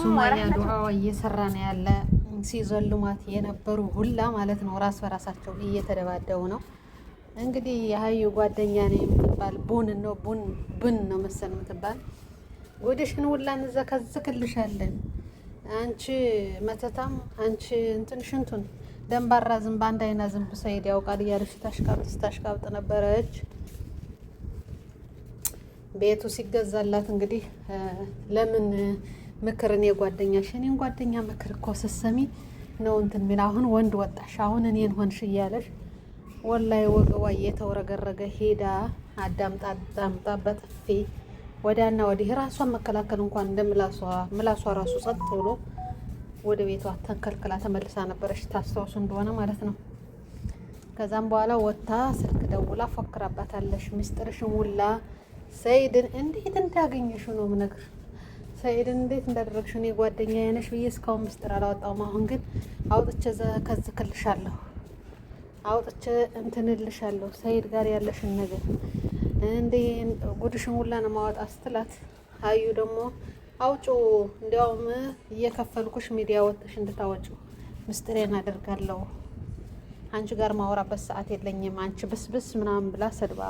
ሱማያ ዱዓዋ እየሰራ ነው ያለ። ሲዘልሟት የነበሩ ሁላ ማለት ነው ራስ በራሳቸው እየተደባደቡ ነው። እንግዲህ የሀዩ ጓደኛ ነው የምትባል ቡን ነው ቡን ብን ነው መሰል የምትባል ጎደሽን ሁላ እንዛ አንቺ መተታም አንቺ እንትን ሽንቱን ደንባራ ዝንብ አንድ አይና ዝንብ ሰይድ ያውቃል እያለች ታሽቃብጥ ስታሽቃብጥ ነበረች። ቤቱ ሲገዛላት እንግዲህ ለምን ምክር እኔ ጓደኛሽ እኔን ጓደኛ ምክር እኮ ስትሰሚ ነው እንትን የሚል አሁን ወንድ ወጣሽ አሁን እኔን ሆንሽ እያለሽ ወላይ ወገቧ እየተውረገረገ ሄዳ አዳምጣ አዳምጣ በጥፊ ወዲያና ወዲህ ራሷን መከላከል እንኳን እንደ ምላሷ ምላሷ ራሱ ጸጥ ብሎ ወደ ቤቷ ተንከልክላ ተመልሳ ነበረች፣ ታስታውሱ እንደሆነ ማለት ነው። ከዛም በኋላ ወታ ስልክ ደውላ ፎክራባታለች። ምስጢርሽን ውላ ሰይድን እንዴት እንዳገኘሽው ነው የምነግርሽ። ሰይድን እንዴት እንዳደረግሽው እኔ ጓደኛ ነሽ ብዬ እስካሁን ምስጢር አላወጣሁም። አሁን ግን አውጥቼ ከዝክልሻለሁ፣ አውጥቼ እንትንልሻለሁ ሰይድ ጋር ያለሽን ነገር እንዴ ጉድሽን ውላ ነው ማወጣ ስትላት አዩ ደግሞ አውጩ እንዲያውም እየከፈልኩሽ ሚዲያ ወጥሽ እንድታወጩ ምስጢሬን አደርጋለሁ። አንቺ ጋር ማውራበት ሰዓት የለኝም፣ አንቺ ብስብስ ምናምን ብላ ሰድባ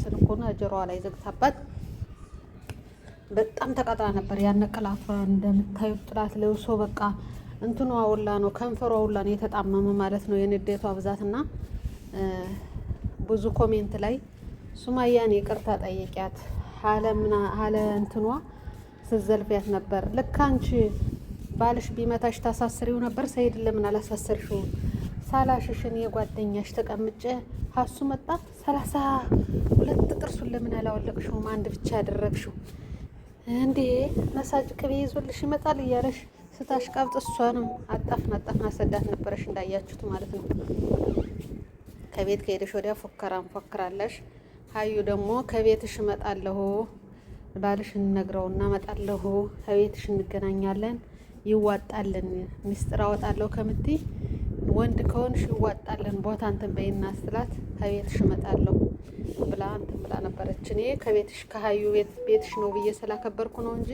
ስልኩን ጆሮዋ ላይ ዘግታባት በጣም ተቃጥላ ነበር። ያነቀላቷ እንደምታዩት ጥላት ለብሶ በቃ እንትኗ አውላ ነው ከንፈሯ ሁላ ነው የተጣመመ ማለት ነው የንዴቷ ብዛትና ብዙ ኮሜንት ላይ ሱማያን ይቅርታ ጠይቂያት አለ እንትኗ ስትዘልፊያት ነበር። ልክ አንቺ ባልሽ ቢመታሽ ታሳስሪው ነበር። ሰይድ ለምን አላሳሰርሽው? ሳላሽሽን የጓደኛሽ ተቀምጨ ሀሱ መጣ። ሰላሳ ሁለት ጥርሱን ለምን አላወለቅሽውም? አንድ ብቻ ያደረግሽው እንዴ? መሳጭ ቅቤ ይዞልሽ ይመጣል እያለሽ ስታሽቃብጥ እሷንም አጣፍ ናጣፍ አሰዳት ነበረሽ፣ እንዳያችሁት ማለት ነው። ከቤት ከሄደሽ ወዲያ ፎከራ እንፎክራለሽ። ሀዩ ደግሞ ከቤትሽ እመጣለሁ ባልሽ እንነግረው እናመጣለሁ፣ ከቤትሽ እንገናኛለን፣ ይዋጣልን፣ ሚስጥር አወጣለሁ ከምትይ ወንድ ከሆንሽ ይዋጣልን፣ ቦታ እንትን በይና ስትላት ከቤትሽ እመጣለሁ ብላ እንትን ብላ ነበረች። እኔ ከቤትሽ ከሀዩ ቤትሽ ነው ብዬ ስላከበርኩ ነው እንጂ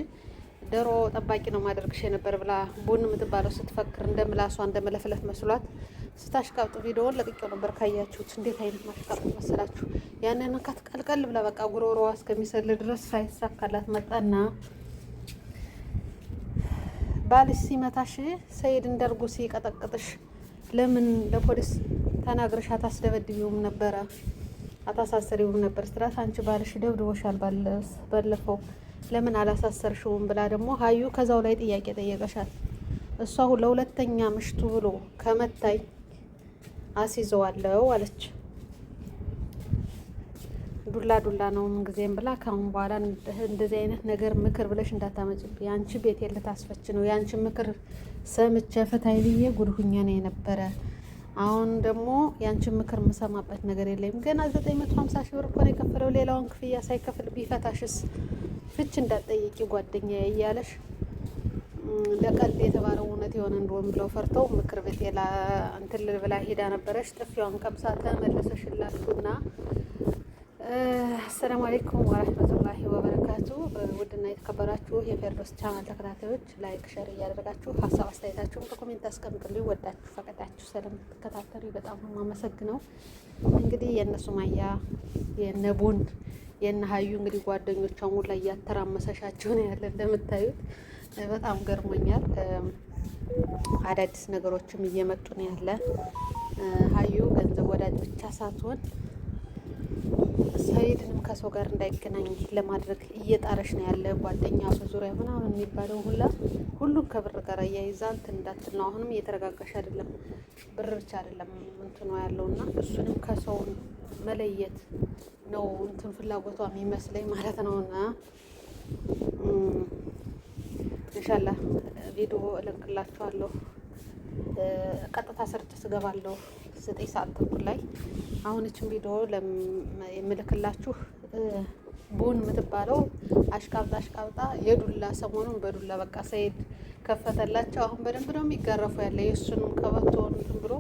ደሮ ጠባቂ ነው ማደርግሽ የነበር ብላ ቡን የምትባለው ስትፈክር እንደምላሷ እንደመለፍለፍ መስሏት ስታሽቃብጡ ቪዲዮውን ለቅቄው ነበር። ካያችሁት እንዴት አይነት ማሽቃብጥ መሰላችሁ? ያንን እንካት ቀልቀል ብላ በቃ ጉሮሮዋ እስከሚሰል ድረስ ሳይሳካላት መጣና ባል ሲመታሽ ሰይድ እንዳርጎ ሲቀጠቅጥሽ ለምን ለፖሊስ ተናግረሽ አታስደበድቢውም ነበረ አታሳሰሪውም ነበር ስትላት አንቺ ባልሽ ደብድቦሻል ባለፈው ለምን አላሳሰርሽውም ብላ ደግሞ ሀዩ ከዛው ላይ ጥያቄ ጠየቀሻል። እሷ ለሁለተኛ ምሽቱ ብሎ ከመታይ አስይዘዋለሁ አለች። ዱላ ዱላ ነው ምንጊዜም ብላ ካሁን በኋላ እንደዚህ አይነት ነገር ምክር ብለሽ እንዳታመጭብ ያንቺ ቤት ልታስፈች ነው። ያንቺ ምክር ሰምቼ ፈታይ ብዬ ጉድሁኛ ነው የነበረ። አሁን ደግሞ ያንቺ ምክር የምሰማበት ነገር የለም። ገና ዘጠኝ መቶ ሀምሳ ሺህ ብር እኮ ነው የከፈለው። ሌላውን ክፍያ ሳይከፍል ቢፈታሽስ? ፍች እንዳትጠይቂ ጓደኛ እያለሽ ለቀልድ የተባለው እውነት የሆነ እንደሆን ብለው ፈርተው ምክር ቤት ላ እንትን ብላ ሄዳ ነበረች። ጥፊዋን ቀምሳ ተመለሰሽላችሁና አሰላሙ አሌይኩም ወረህመቱላሂ ወበረካቱ። ውድና የተከበራችሁ የፌርዶስ ቻናል ተከታታዮች ላይክ፣ ሸር እያደረጋችሁ ሀሳብ አስተያየታችሁን በኮሜንት አስቀምጡልኝ። ወዳችሁ ፈቀዳችሁ ስለምትከታተሉ በጣም ነው የማመሰግነው። እንግዲህ የእነ ሱማያ ቡን የነ ሀዩ እንግዲህ ጓደኞቿን ሁላ እያተራመሰሻችሁ ነው ያለ እንደምታዩት በጣም ገርሞኛል። አዳዲስ ነገሮችም እየመጡ ነው ያለ። ሀዩ ገንዘብ ወዳጅ ብቻ ሳትሆን ሰይድንም ከሰው ጋር እንዳይገናኝ ለማድረግ እየጣረች ነው ያለ። ጓደኛ ሰው ዙሪያ ምናምን የሚባለው ሁላ ሁሉም ከብር ጋር እያይዛ እንትን እንዳትል ነው። አሁንም እየተረጋጋሽ አይደለም። ብር ብቻ አይደለም ነው ያለው እና እሱንም ከሰው መለየት ነው እንትን ፍላጎቷ የሚመስለኝ ማለት ነው እና እንሻላ ቪዲዮ እልክላችኋለሁ። ቀጥታ ስርጭት ስገባለሁ ዘጠኝ ሰዓት ተኩል ላይ። አሁን እችን ቪዲዮ የምልክላችሁ ቡን የምትባለው አሽቃብጣ አሽቃብጣ የዱላ ሰሞኑን በዱላ በቃ ሰይድ ከፈተላቸው። አሁን በደንብ ነው የሚገረፉ ያለ የእሱንም ከበቶ እንትን ብሎ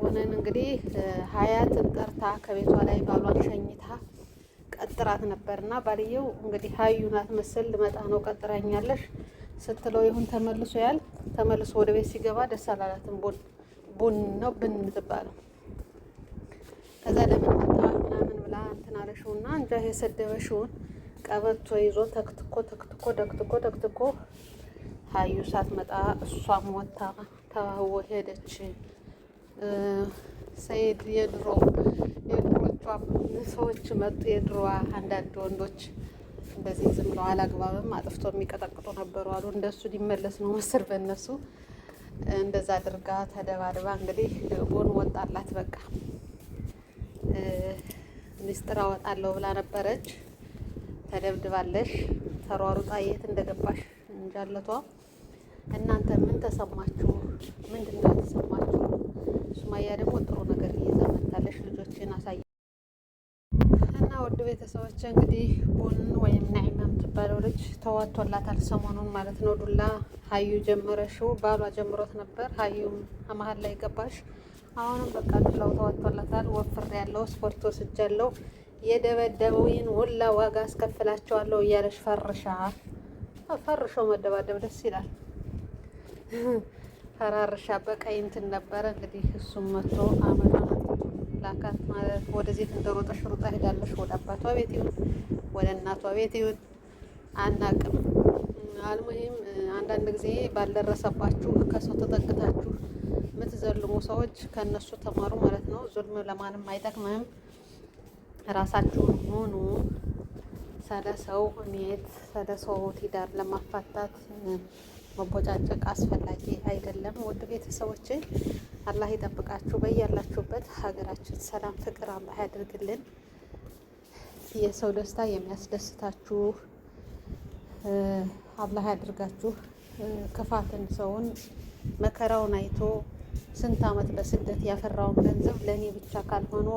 ሆነን እንግዲህ ሀያትን ጠርታ ከቤቷ ላይ ባሏን ሸኝታ ቀጥራት ነበርና ባልየው እንግዲህ ሀዩናት ናት መሰል ልመጣ ነው ቀጥራኛለሽ ስትለው ይሁን ተመልሶ ያል ተመልሶ ወደ ቤት ሲገባ ደስ አላላትም። ቡን ነው ብን ትባለው። ከዛ ለምን መጣዋል ምናምን ብላ እንትን አለሽው አለሽውና እንጃ የሰደበሽውን ቀበቶ ይዞ ተክትኮ ተክትኮ ተክትኮ ተክትኮ ሀዩ ሳትመጣ እሷም ወታ ተባህወ ሄደች። ሰይድ የድሮ የድሮ ሰዎች መጡ። የድሮዋ አንዳንድ ወንዶች እንደዚህ ዝም ብለው አላግባብም አጥፍቶ የሚቀጠቅጡ ነበሩ አሉ። እንደሱ ሊመለስ ነው መስር በእነሱ እንደዛ አድርጋ ተደባድባ እንግዲህ ጎን ወጣላት። በቃ ሚስጥር አወጣለሁ ብላ ነበረች። ተደብድባለሽ፣ ተሯሩጣ የት እንደገባሽ እንጃለቷ። እናንተ ምን ተሰማችሁ? ምንድን ነው የተሰማችሁ? ሱማያ ደግሞ ጥሩ ነገር ቤተሰቦች እንግዲህ ቡን ወይም ናይማ የምትባለው ልጅ ተዋቶላታል፣ ሰሞኑን ማለት ነው። ዱላ ሀዩ ጀመረሽው፣ ባሏ ጀምሮት ነበር። ሀዩም መሀል ላይ ገባሽ። አሁንም በቃ ዱላው ተዋቶላታል። ወፍር ያለው ስፖርት ያለው የደበደበውን ሁላ ዋጋ አስከፍላቸዋለሁ እያለሽ ፈርሻ ፈርሾ መደባደብ ደስ ይላል። ፈራርሻ በቀይ እንትን ነበረ እንግዲህ እሱም መጥቶ አመ ላካት ማለት ወደዚህ እንደሮጠሽ ሩጣ ሄዳለሽ። ወደ አባቷ ቤት ይሁን ወደ እናቷ ቤት ይሁን አናቅም። አልሙሂም አንዳንድ ጊዜ ባልደረሰባችሁ ከሰው ተጠቅታችሁ የምትዘልሙ ሰዎች ከእነሱ ተማሩ ማለት ነው። ዙልም ለማንም አይጠቅምም። ራሳችሁን ሆኑ። ሰለ ሰው ኔት ሰለ ትዳር ለማፋታት መቦጫጨቅ አስፈላጊ አይደለም። ውድ ቤተሰቦች አላህ ይጠብቃችሁ። በያላችሁበት ሀገራችን ሰላም፣ ፍቅር አላህ ያድርግልን። የሰው ደስታ የሚያስደስታችሁ አላህ ያድርጋችሁ። ክፋትን ሰውን መከራውን አይቶ ስንት ዓመት በስደት ያፈራውን ገንዘብ ለእኔ ብቻ ካልሆኖ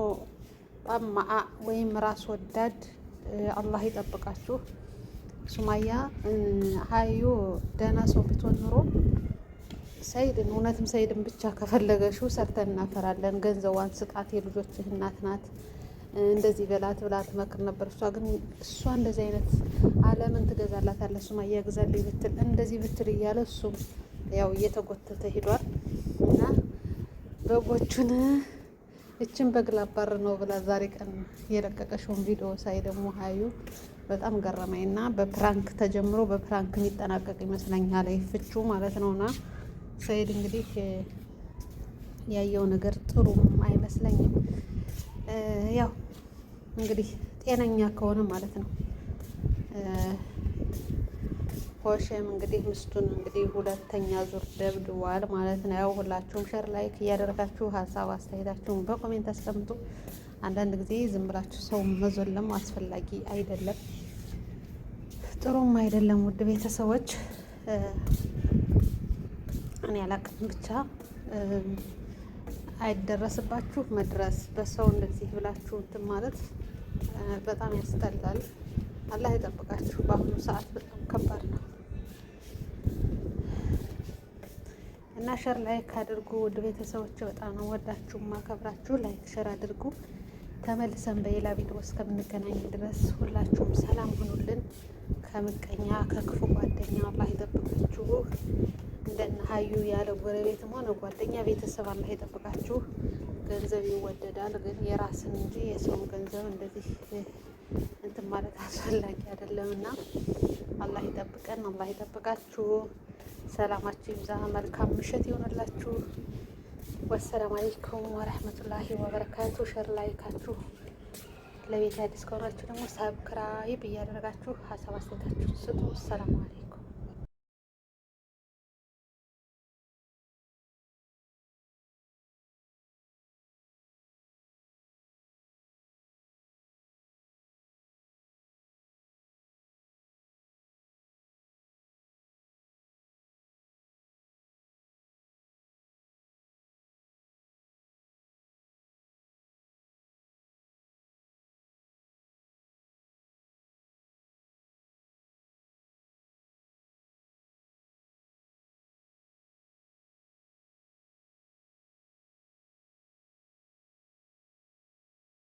ጣማአ ወይም ራስ ወዳድ አላህ ይጠብቃችሁ። ሱማያ ሀዩ ደህና ሰው ብትሆን ኑሮ ሰይድን እውነትም ሰይድን ብቻ ከፈለገሽው ሰርተን እናፈራለን። ገንዘቧን ስጣት፣ የልጆች እናት ናት፣ እንደዚህ በላት ብላ ትመክር ነበር። እሷ ግን እሷ እንደዚህ አይነት አለምን ትገዛላታለች ሱማያ ግዛልኝ ብትል እንደዚህ ብትል እያለ እሱም ያው እየተጎተተ ሂዷል እና በጎቹን እችን በግል አባር ነው ብላ ዛሬ ቀን የለቀቀሽውን ቪዲዮ ሳይ ደግሞ ሀዩ በጣም ገረመኝ እና በፕራንክ ተጀምሮ በፕራንክ የሚጠናቀቅ ይመስለኛል ፍቹ ማለት ነው። እና ሰኢድ እንግዲህ ያየው ነገር ጥሩ አይመስለኝም። ያው እንግዲህ ጤነኛ ከሆነ ማለት ነው። ሆሽም እንግዲህ ምስቱን እንግዲህ ሁለተኛ ዙር ደብድቧል ማለት ነው። ያው ሁላችሁም ሸር ላይክ እያደረጋችሁ ሀሳብ አስተያየታችሁን በኮሜንት አስቀምጡ። አንዳንድ ጊዜ ዝም ብላችሁ ሰው መዞለም አስፈላጊ አይደለም፣ ጥሩም አይደለም። ውድ ቤተሰቦች እኔ አላቅም ብቻ አይደረስባችሁ መድረስ በሰው እንደዚህ ብላችሁ እንትን ማለት በጣም ያስጠላል። አላህ ይጠብቃችሁ። በአሁኑ ሰዓት በጣም ከባድ ነው እና ሸር ላይክ አድርጉ ውድ ቤተሰቦች። በጣም ነው ወዳችሁ ማከብራችሁ። ላይክ ሸር አድርጉ። ተመልሰን በሌላ ቪዲዮ እስከምንገናኝ ድረስ ሁላችሁም ሰላም ሁኑልን። ከምቀኛ ከክፉ ጓደኛ አላህ ይጠብቃችሁ። እንደነ ሀዩ ያለ ጎረቤትም ሆነ ጓደኛ ቤተሰብ አላህ ይጠብቃችሁ። ገንዘብ ይወደዳል፣ ግን የራስን እንጂ የሰውን ገንዘብ እንደዚህ እንትን ማለት አስፈላጊ አይደለም እና አላህ ይጠብቀን፣ አላህ ይጠብቃችሁ። ሰላማችሁ ይብዛ። መልካም ምሽት ይሆንላችሁ። ወሰላም አለይኩም ወረህመቱላሂ ወበረካቱ። ሸር ላይካችሁ ለቤት አዲስ ከሆናችሁ ደግሞ ሰብስክራይብ እያደረጋችሁ ሀሳብ አስተያየታችሁ ስጡ። ሰላም አለይኩም